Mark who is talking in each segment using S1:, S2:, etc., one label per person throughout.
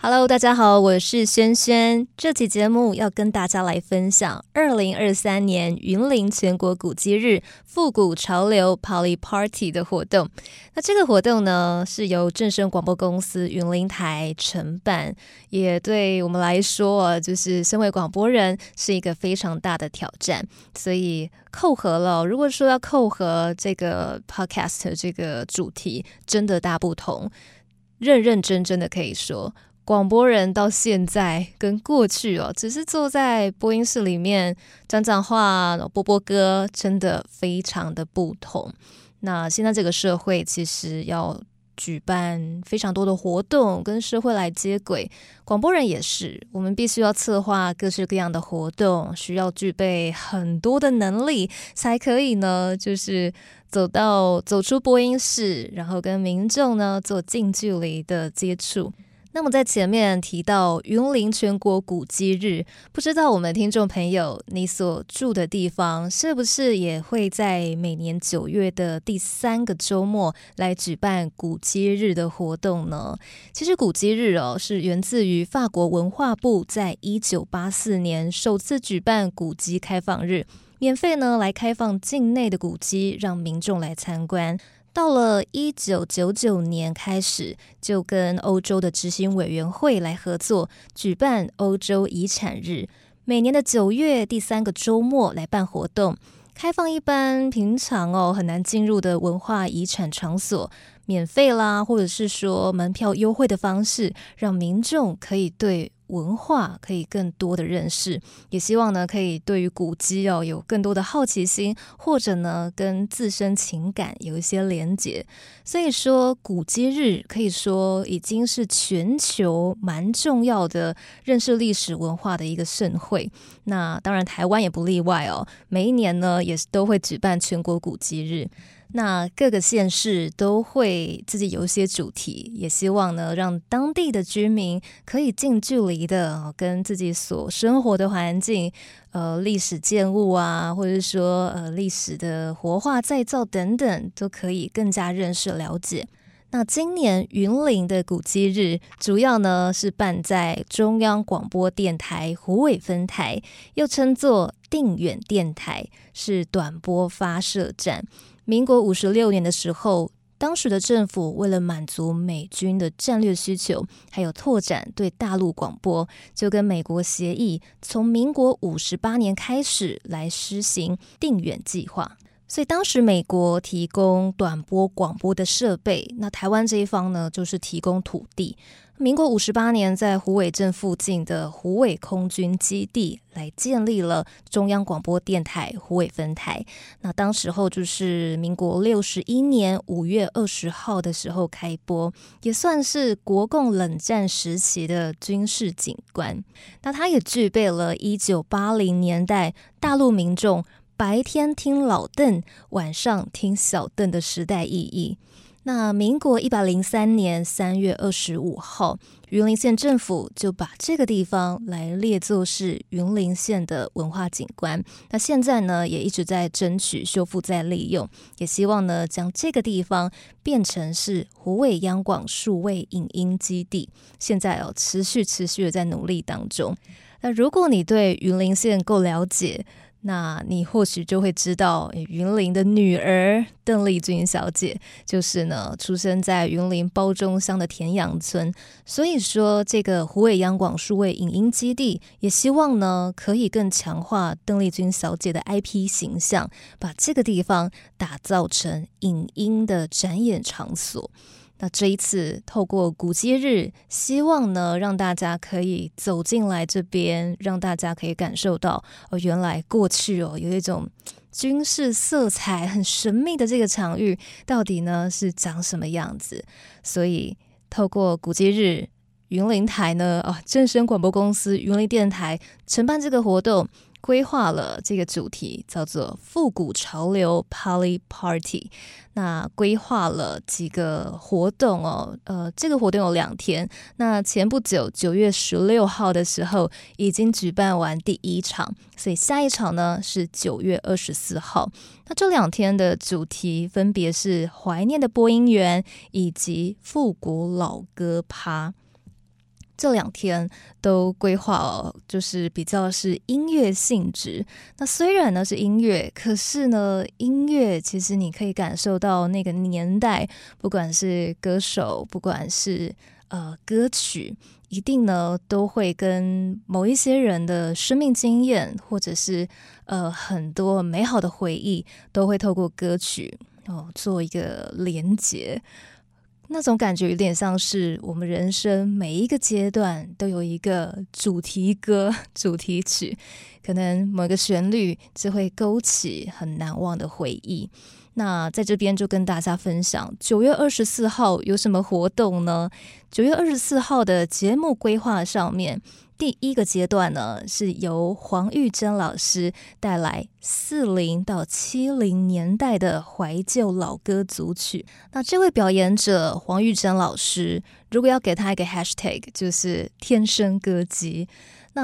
S1: Hello，大家好，我是萱萱。這期節目要跟大家來分享二零二三年雲林全國古蹟日復古潮流趴哩 Party 的活動。那這個活動呢，是由正聲廣播公司雲林台承辦，也對我們來說啊，就是身為廣播人是一個非常大的挑戰。所以扣合了，如果說要扣合這個 Podcast 這個主題，真的大不同，認認真真的可以說。廣播人到現在跟過去哦，只是坐在播音室裡面講講話，播播歌真的非常的不同。那現在這個社會其實要舉辦非常多的活動，跟社會來接軌。廣播人也是，我們必須要策劃各式各樣的活動，需要具備很多的能力才可以呢，就是走到走出播音室，然後跟民眾呢做近距離的接觸。那麼，在前面提到雲林全國古蹟日，不知道我們聽眾朋友，你所住的地方是不是也會在每年九月的第三個周末來舉辦古蹟日的活動呢？其實，古蹟日哦，是源自於法國文化部在一九八四年首次舉辦古蹟開放日，免費呢，來開放境內的古蹟，讓民眾來參觀。到了一九九九年開始，就跟歐洲的執行委員會來合作，舉辦歐洲遺產日，每年的九月第三個周末來辦活動，開放一般平常哦很難進入的文化遺產場所，免費啦，或者是說門票優惠的方式，讓民眾可以對文化可以更多的認識，也希望呢可以對於古蹟要、哦、有更多的好奇心，或者呢跟自身情感有一些連結。所以說，古蹟日可以說已經是全球蠻重要的認識歷史文化的一個盛會。那當然台灣也不例外哦，每一年呢也是都會舉辦全國古蹟日。那各個縣市都會自己有一些主題，也希望呢，讓當地的居民可以近距離的跟自己所生活的環境，呃，歷史建物啊，或者說呃歷史的活化再造等等，都可以更加認識了解。那今年雲林的古蹟日，主要呢是辦在中央廣播電台虎尾分台，又稱作定遠電台，是短波發射站。民國五十六年的時候，當時的政府為了滿足美軍的戰略需求，還有拓展對大陸廣播，就跟美國協議，從民國五十八年開始來實行定遠計劃。所以當時美國提供短波廣播的設備，那台灣這一方呢，就是提供土地。民國五十八年，在虎尾鎮附近的虎尾空軍基地，來建立了中央廣播電臺虎尾分台。那當時候就是民國六十一年五月二十號的時候開播，也算是國共冷戰時期的軍事景觀。那它也具備了一九八零年代大陸民眾白天聽老鄧，晚上聽小鄧的時代意義。那民國一百零三年三月二十五號，雲林縣政府就把這個地方來列作是雲林縣的文化景觀。那現在呢，也一直在爭取修復再利用，也希望呢將這個地方變成是虎尾央廣數位影音基地。現在哦，持續持續的在努力當中。那如果你對雲林縣夠了解。那你或許就會知道，雲林的女兒鄧麗君小姐，就是呢出生在雲林褒忠鄉的田洋村。所以說，這個虎尾央廣數位影音基地也希望呢，可以更強化鄧麗君小姐的 IP 形象，把這個地方打造成影音的展演場所。那這一次透過古蹟日，希望呢讓大家可以走進來這邊，讓大家可以感受到哦，原來過去哦有一種軍事色彩很神秘的這個場域到底呢是長什麼樣子。所以透過古蹟日，雲林臺呢哦，正聲廣播公司雲林電臺承辦這個活動，規劃了這個主題叫做復古潮流趴哩 party，那規劃了幾個活動哦，呃，這個活動有兩天，那前不久九月十六號的時候已經舉辦完第一場，所以下一場呢是九月二十四號，那這兩天的主題分別是懷念的播音員以及復古老歌趴。這兩天都規劃，就是比較是音樂性質。那雖然呢是音樂，可是呢音樂其實你可以感受到那個年代，不管是歌手，不管是呃歌曲，一定呢都會跟某一些人的生命經驗，或者是呃很多美好的回憶，都會透過歌曲哦、呃、做一個連結。那種感覺有點像是我們人生每一個階段都有一個主題歌、主題曲，可能某個旋律就會勾起很難忘的回憶。那在這邊就跟大家分享，九月二十四號有什麼活動呢？九月二十四號的節目規劃上面，第一個階段呢是由黃玉珍老師帶來四零到七零年代的懷舊老歌組曲。那這位表演者黃玉珍老師，如果要給他一個 hashtag，就是天生歌姬。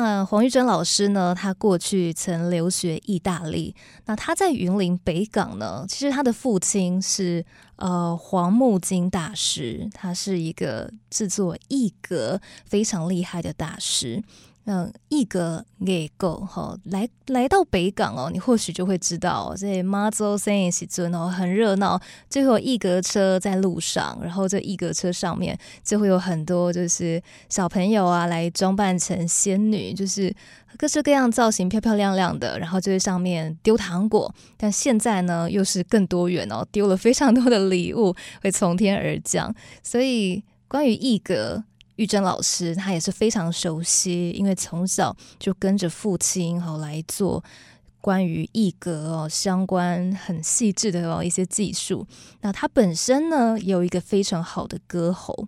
S1: 那黃玉珍老師呢，他過去曾留學意大利。那他在雲林北港呢，其實他的父親是呃黃木金大師，他是一個製作藝閣非常厲害的大師。嗯，藝閣也夠好，來來到北港哦，你或許就會知道這媽祖三是真哦很熱鬧，就會有，藝閣車在路上，然後這藝閣車上面就會有很多就是小朋友啊來裝扮成仙女，就是各式各樣造型漂漂亮亮的，然後就在上面丟糖果，但現在呢又是更多元哦，丟了非常多的禮物會從天而降，所以關於藝閣。玉珍老師，他也是非常熟悉，因為從小就跟着父親哦來做關於藝閣哦相關很細緻的哦一些技術。那他本身呢，也有一個非常好的歌喉。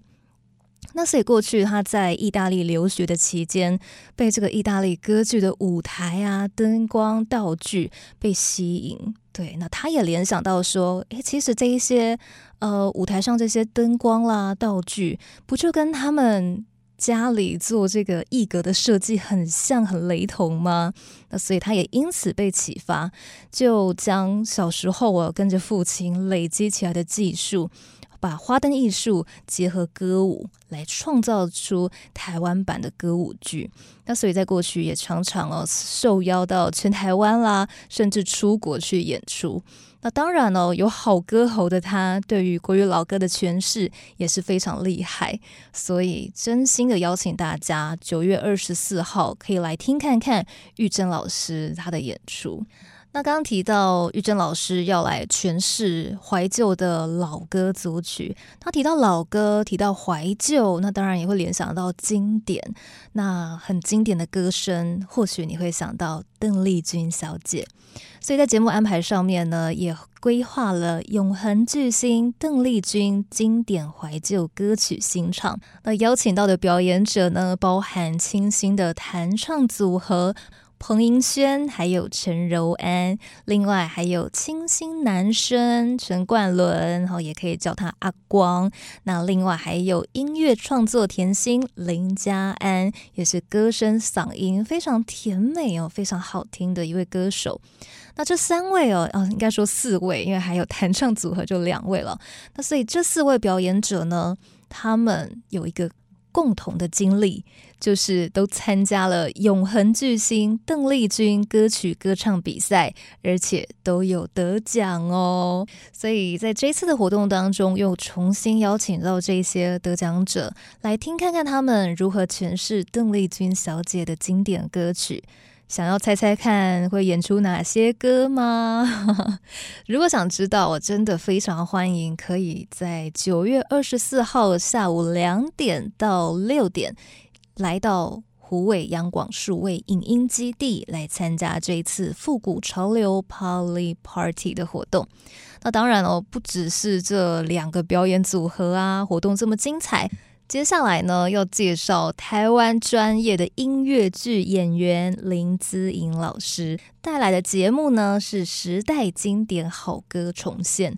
S1: 那所以過去，他在意大利留學的期間，被這個意大利歌劇的舞台啊、燈光道具被吸引。對，那他也聯想到說，誒，其實這一些呃，舞台上這些燈光啦、道具，不就跟他們家裡做這個一格的設計很像、很雷同嗎？那所以他也因此被啟發，就將小時候我、啊、跟着父親累積起來的技術。把花燈藝術結合歌舞，來創造出台灣版的歌舞劇。那所以在過去也常常哦受邀到全台灣啦，甚至出國去演出。那當然哦，有好歌喉的他，對於國語老歌的詮釋也是非常厲害。所以真心的邀請大家，九月二十四號可以來聽看看玉珍老師他的演出。那剛剛提到玉珍老師要來詮釋懷舊的老歌組曲，那提到老歌，提到懷舊，那當然也會聯想到經典，那很經典的歌聲，或許你會想到鄧麗君小姐。所以在節目安排上面呢，也規劃了永恆巨星鄧麗君經典懷舊歌曲新唱。那邀請到的表演者呢，包含清新的彈唱組合。彭瑩軒，還有陳柔安，另外還有清新男生陳冠倫，然、哦、後也可以叫他阿光。那另外還有音樂創作甜心林佳安，也是歌聲嗓音非常甜美哦，非常好聽的一位歌手。那這三位哦，哦，應該說四位，因為還有彈唱組合就兩位了。那所以這四位表演者呢，他們有一個共同的經歷就是都參加了永恆巨星鄧麗君歌曲歌唱比賽，而且都有得獎哦。所以在這次的活動當中，又重新邀請到這些得獎者來聽看看他們如何詮釋鄧麗君小姐的經典歌曲。想要猜猜看會演出哪些歌嗎？ 如果想知道，我真的非常歡迎，可以在九月二十四號下午兩點到六點，來到虎尾央廣數位影音基地來參加這一次復古潮流趴哩 party 的活動。那當然哦，不只是這兩個表演組合啊，活動這麼精彩。接下來呢，要介紹台灣專業的音樂劇演員林姿穎老師帶來的節目呢，是時代經典好歌重現。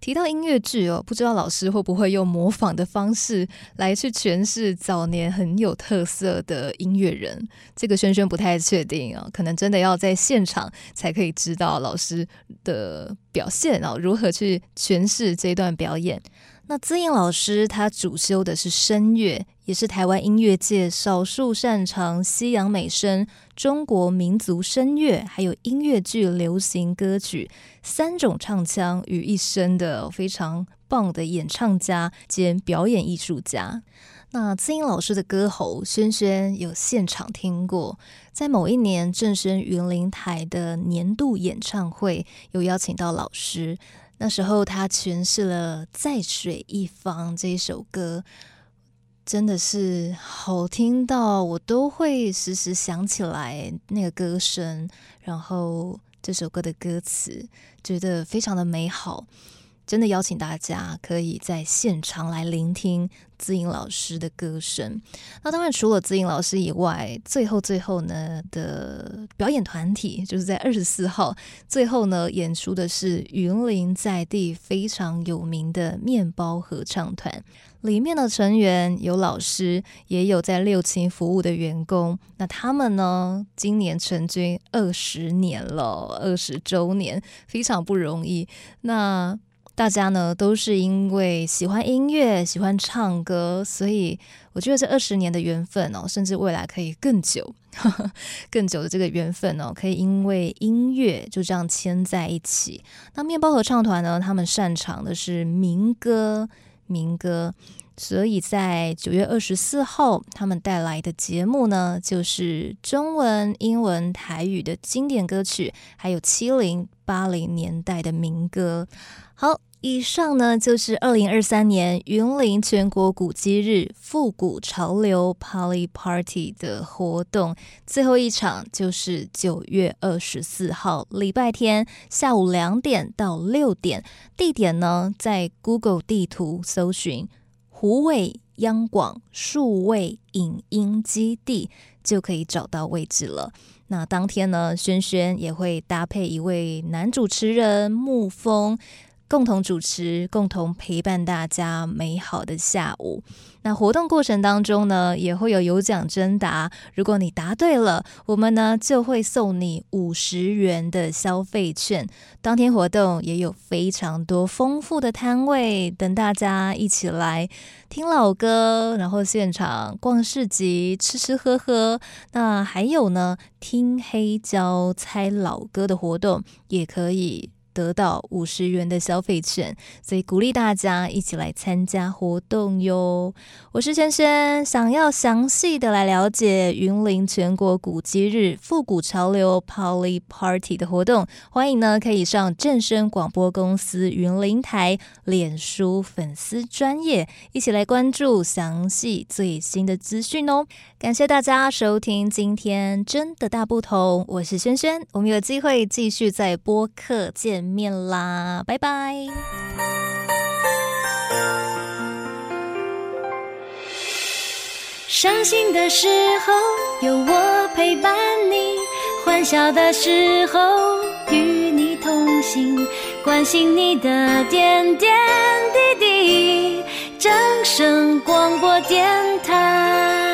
S1: 提到音樂劇哦，不知道老師會不會用模仿的方式來去詮釋早年很有特色的音樂人？這個軒軒不太確定啊，可能真的要在現場才可以知道老師的表現，哦，如何去詮釋這段表演。那資穎老師，他主修的是聲樂，也是台灣音樂界少數擅長西洋美聲、中國民族聲樂，還有音樂劇、流行歌曲三種唱腔，於一身的非常棒的演唱家，兼表演藝術家。那資穎老師的歌喉，軒軒有現場聽過，在某一年正聲雲林台的年度演唱會，有邀請到老師。那時候他詮釋了《在水一方》這一首歌，真的是好聽到我都會時時想起來那個歌聲，然後這首歌的歌詞，覺得非常的美好。真的邀請大家可以在現場來聆聽資穎老師的歌聲。那當然，除了資穎老師以外，最後最後呢的表演團體就是在二十四號，最後呢演出的是雲林在地非常有名的麵包合唱團。裡面的成員有老師，也有在六輕服務的員工。那他們呢今年成軍二十年了，二十週年，非常不容易。那大家呢都是因為喜歡音樂、喜歡唱歌，所以我覺得這二十年的緣分哦，甚至未來可以更久，呵呵更久的這個緣分哦，可以因為音樂就這樣牽在一起。那麵包合唱團呢，他們擅長的是民歌，民歌。所以在九月二十四號，他們帶來的節目呢，就是中文、英文、台語的經典歌曲，還有七零八零年代的民歌。好，以上呢，就是二零二三年雲林全國古蹟日復古潮流趴哩 Party 的活動。最後一場就是九月二十四號禮拜天下午兩點到六點，地點呢，在 Google 地圖搜尋。虎尾央廣數位影音基地就可以找到位置了。那當天呢，萱萱也會搭配一位男主持人沐風。共同主持、共同陪伴大家美好的下午。那活動過程當中呢，也會有有獎徵答。如果你答對了，我們呢就會送你五十元的消費券。當天活動也有非常多豐富的攤位，等大家一起來聽老歌，然後現場逛市集、吃吃喝喝。那還有呢，聽黑膠、猜老歌的活動也可以。得到五十元的消費券，所以鼓勵大家一起來參加活動喲。我是軒軒，想要詳細的來了解雲林全國古蹟日復古潮流趴哩 Party 的活動，歡迎呢可以上正聲廣播公司雲林台臉書粉絲專頁一起來關注詳細最新的資訊哦。感謝大家收聽今天真的大不同，我是軒軒，我們有機會繼續在播客見。面啦，拜拜。傷心的時候有我陪伴你，歡笑的時候與你同行，關心你的點點滴滴，正聲廣播電台。